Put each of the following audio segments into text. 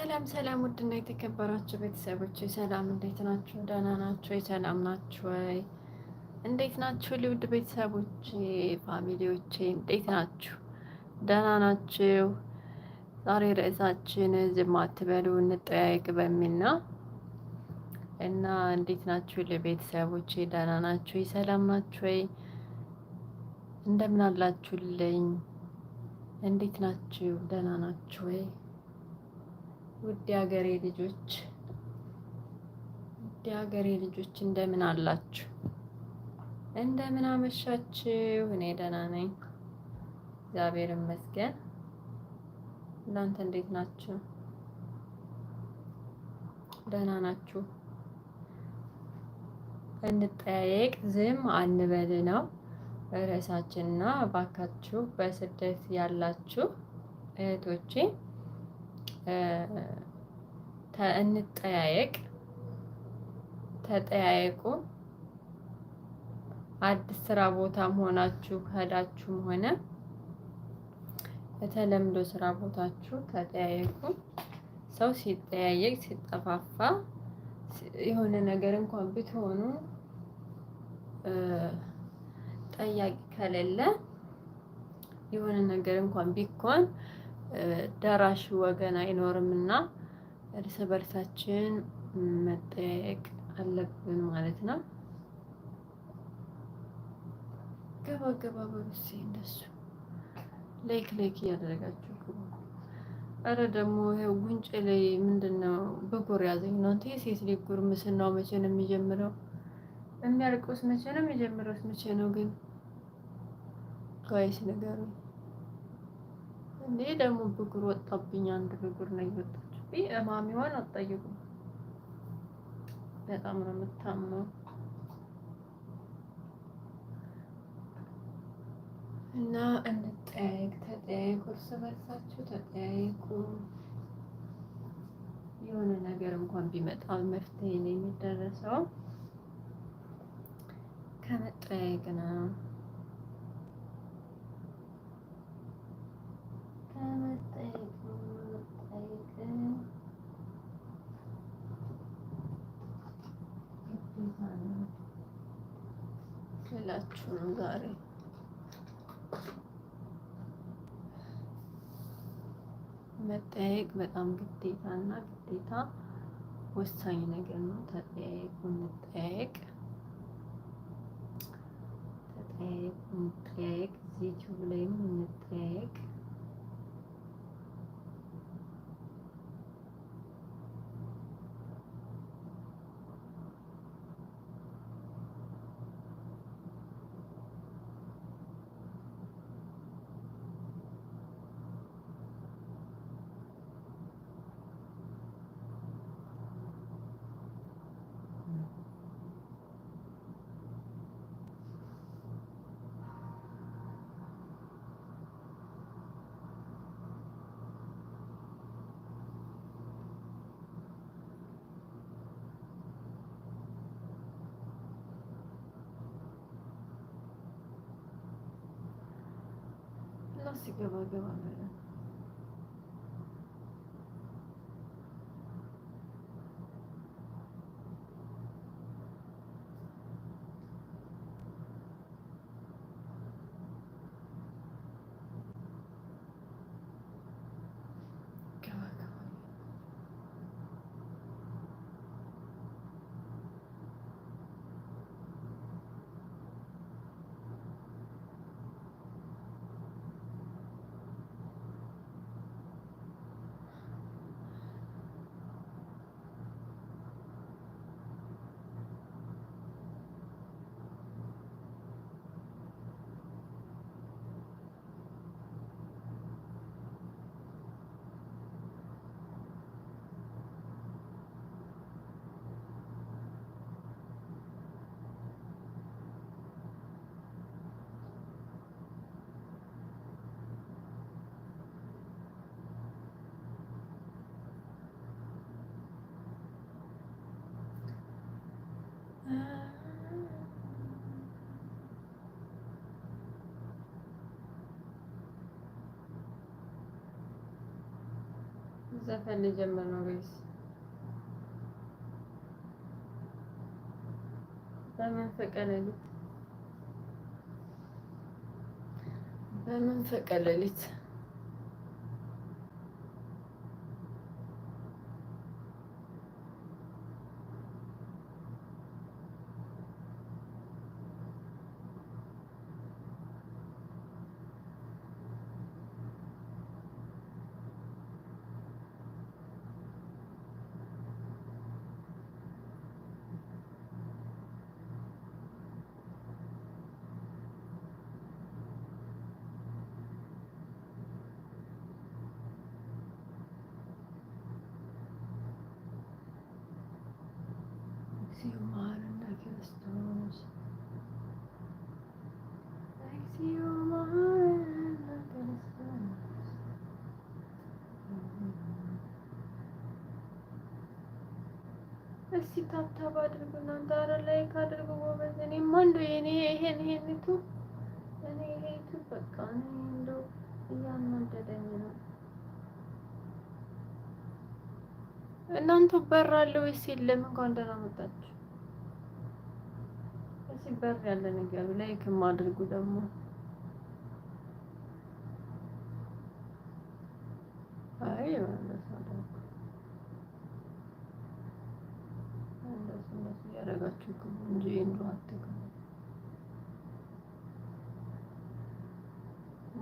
ሰላም ሰላም፣ ውድና የተከበራችሁ ቤተሰቦች ሰላም፣ እንዴት ናችሁ? ደህና ናችሁ? ሰላም ናችሁ ወይ? እንዴት ናችሁ? ልውድ ቤተሰቦቼ ፋሚሊዎቼ እንዴት ናችሁ? ደህና ናችሁ? ዛሬ ርዕሳችን ዝም አትበሉ እንጠያየቅ በሚል ነው እና እንዴት ናችሁ? ለቤተሰቦቼ ደህና ናችሁ? ሰላም ናችሁ ወይ? እንደምን አላችሁልኝ? እንዴት ናችሁ? ደህና ናችሁ ወይ? ውድ ሀገሬ ልጆች ውድ ሀገሬ ልጆች እንደምን አላችሁ? እንደምን አመሻችሁ? እኔ ደህና ነኝ፣ እግዚአብሔር ይመስገን። እናንተ እንዴት ናችሁ? ደህና ናችሁ? እንጠያየቅ ዝም አንበል ነው ርዕሳችንና እባካችሁ በስደት ያላችሁ እህቶቼ እንጠያየቅ፣ ተጠያየቁ። አዲስ ስራ ቦታም ሆናችሁ ሄዳችሁም ሆነ በተለምዶ ስራ ቦታችሁ ተጠያየቁ። ሰው ሲጠያየቅ ሲጠፋፋ የሆነ ነገር እንኳን ብትሆኑ ጠያቂ ከሌለ የሆነ ነገር እንኳን ቢኮን ደራሽ ወገን አይኖርም እና እርስ በርሳችን መጠየቅ አለብን ማለት ነው። ገባ ገባ በብሴ እንደሱ ላይክ ላይክ እያደረጋችሁ እረ ደግሞ ይሄ ጉንጭ ላይ ምንድን ነው ብጉር ያዘኝ ነው እንዴ? ሴት ልጅ ጉርምስናው መቼ ነው የሚጀምረው? የሚያልቀውስ መቼ ነው የሚጀምረውስ መቼ ነው ግን ጋይስ ነገሩ እንዴ ደግሞ ብጉር ወጣብኝ። አንድ ብጉር ነው የወጣችብኝ። እማሚዋን አትጠይቁም። በጣም ነው የምታምነው። እና እንጠያየቅ፣ ተጠያየቁ፣ እርስ በርሳችሁ ተጠያየቁ። የሆነ ነገር እንኳን ቢመጣ መፍትሄ ነው የሚደረሰው ከመጠያየቅ ነው። ላችሁ ነው ዛሬ በጣም ግዴታ እና ግዴታ ወሳኝ ነገር ነው። ተጠያየቁ፣ እንጠያየቅ፣ ተጠያየቁ፣ እንጠያየቅ፣ ዩቲዩብ ላይም እንጠያየቅ። nasci pela, pela, ዘፈን ልጀምር ነው ወይስ በምን ፈቀደ በምን ፈቀደ ክርስቶስ እግዚኦ መሐረነ ክርስቶስ እስቲ ታብታብ አድርጉ እናንተ። ኧረ ላይክ አድርጉ ጎበዝ። ይሄን ይሄን ቱ እኔ ይሄ ቱ በቃ እኔ እያናደደኝ ነው። እናንተ ወይስ የለም? እንኳን ደህና መጣችሁ። እስኪ በር ያለ ነገር ላይክም አድርጉ ደግሞ አይ ያደረጋችሁ ግቡ እንጂ አትግቡ።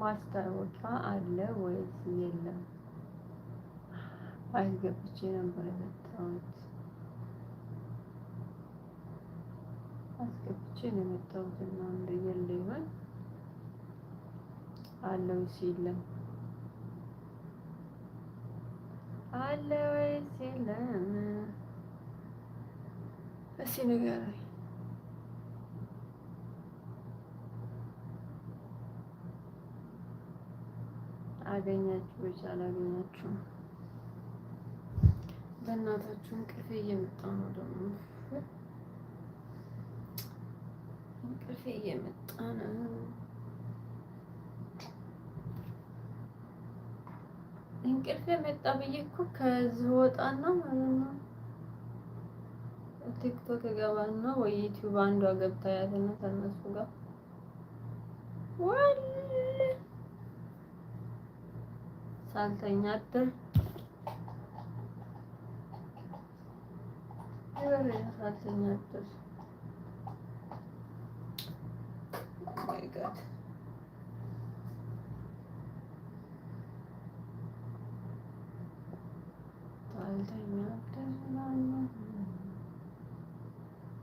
ማስታወቂያ አለ ወይስ የለም? አይገብቼ ነበር የመጣሁት። አስገብቼ ነው የመጣሁት። እና አንዱ የለኝም አለው ሲለም አለ ሲለም እስኪ ንገረኝ አገኛችሁ ወይስ አላገኛችሁም? በእናታችሁን ቅፌ እየመጣ ነው ደግሞ እንቅልፍ እየመጣ ነው። እንቅልፌ መጣ ብዬ እኮ ከዚህ ወጣና ማለት ነው ቲክቶክ ገባና ወይ ዩቲዩብ አንዷ ገብታ ያትና ከነሱ ጋር ወል ሳልተኛ አድር ሳልተኛ አድር Oh my god.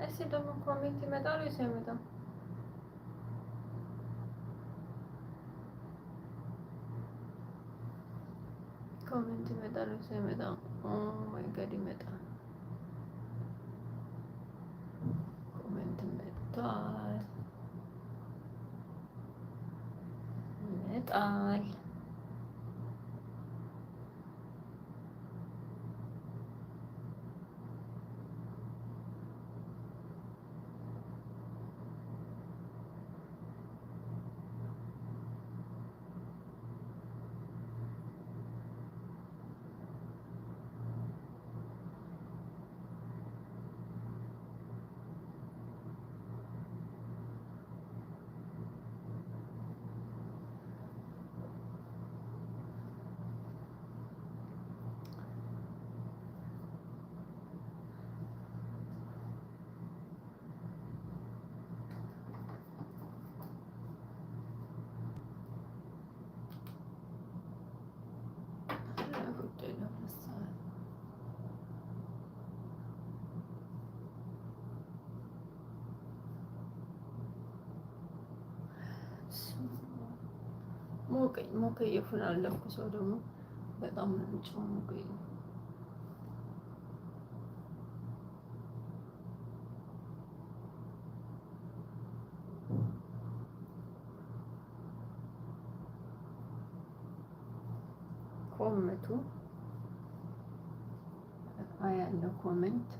እሺ ደግሞ ኮሜንት ይመጣል ወይስ አይመጣም? ኮሜንት ይመጣል ወይስ አይመጣም? ኦ ማይ ጋድ ይመጣል። 哎。ሞቀኝ ሞከየፉን አለኩ ሰው ደግሞ በጣም ነው ሞቀኝ ኮመቱ አያለው ኮመንት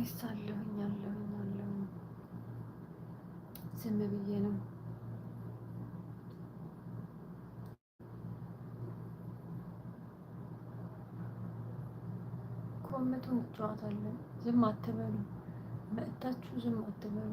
አይሳለሁኝ ያለሁኝ ያለሁኝ ዝም ብዬ ነው። ኮመቱን ጨዋታለን። ዝም አትበሉ መእታችሁ፣ ዝም አትበሉ።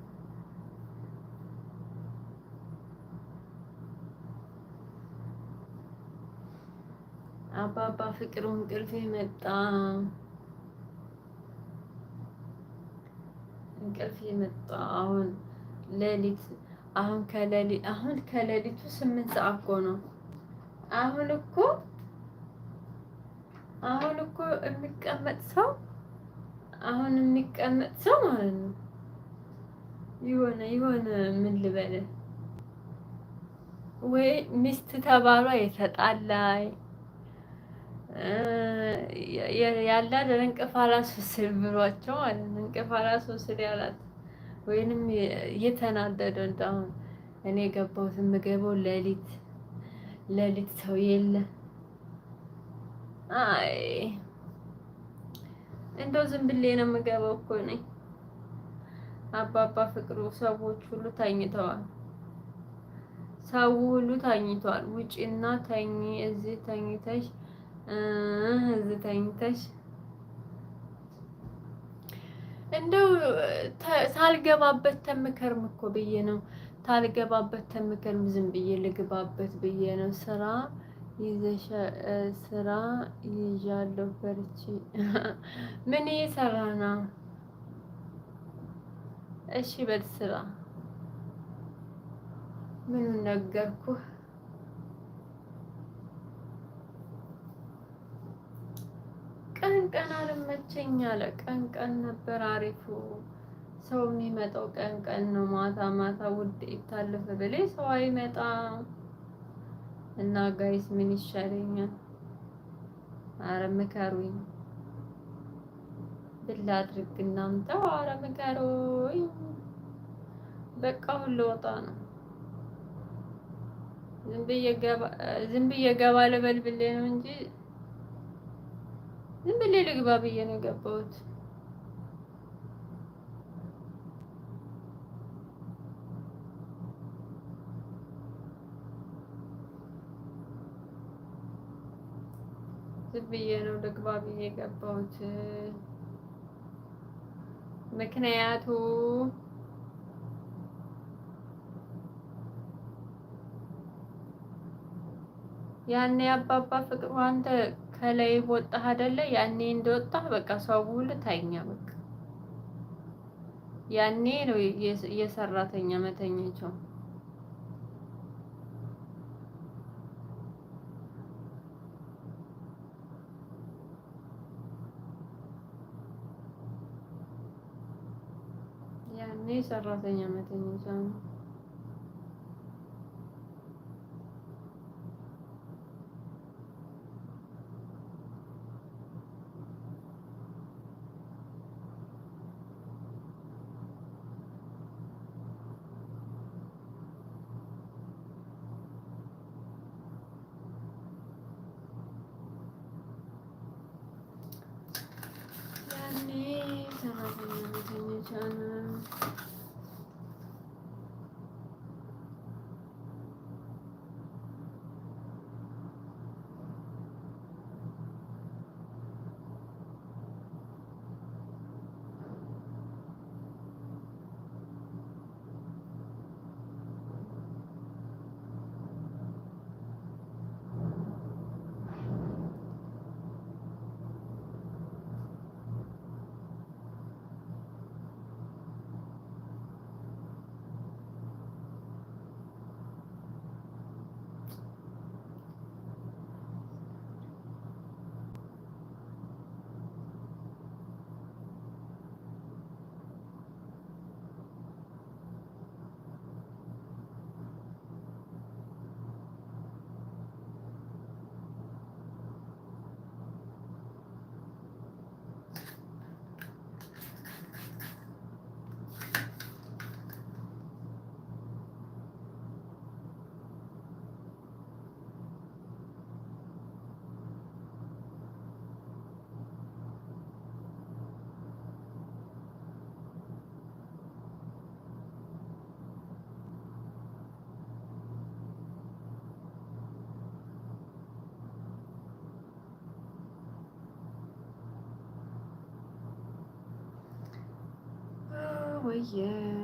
ፍቅሩ እንቅልፍ መጣ እንቅልፍ የመጣ አሁን ሌሊት አሁን ከሌሊት አሁን ከሌሊቱ ስምንት ሰዓት እኮ ነው። አሁን እኮ አሁን እኮ የሚቀመጥ ሰው አሁን የሚቀመጥ ሰው ማለት ነው የሆነ የሆነ ምን ልበል ወይ ሚስት ተባሏ የተጣላይ ያላደን እንቅፋ ራሱ ስል ብሏቸው ማለት ነው። እንቅፋ ያላት ወይንም እየተናደደ አሁን እኔ የገባሁት የምገባው ሌሊት ሌሊት ሰው የለ። አይ እንደው ዝም ብሌ ነው የምገባው እኮ ነኝ። አባባ ፍቅሩ ሰዎች ሁሉ ተኝተዋል። ሰው ሁሉ ተኝቷል። ውጪና ተኝ፣ እዚህ ተኝተሽ እዚህ ተኝተሽ እንደው ሳልገባበት ተምከርም እኮ ብዬ ነው። ታልገባበት ተምከርም ዝም ብዬ ልግባበት ብዬ ነው። ስራ ይዘሽ ስራ ይዣለሁ በርቺ። ምን እየሰራ ነው? እሺ በል ስራ። ምኑን ነገርኩህ? ቀን ቀን አልመቸኝ አለ። ቀን ቀን ነበር አሪፉ። ሰው የሚመጣው ቀን ቀን ነው። ማታ ማታ ውድ ይታለፈ ብሌ ሰው አይመጣም። እና ጋይስ ምን ይሻለኛል? አረ ምከሩኝ። ብላ አድርግ አረ ምከሩኝ። በቃ ሁሉ ወጣ ነው። ዝም ብዬ ገባ ልበል ነው እንጂ ዝም ብዬ ልግባ ብዬ ነው የገባሁት። ዝም ብዬ ነው ልግባ ብዬ የገባሁት። ምክንያቱ ያኔ አባባ ፍቅሩ አንተ ከላይ ወጣህ አይደለ? ያኔ እንደወጣህ በቃ ሰው ሁሉ ተኛ። በቃ ያኔ ነው የሰራተኛ መተኛቸው። ያኔ ሰራተኛ መተኛቸው ነው። yeah.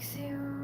Exhale.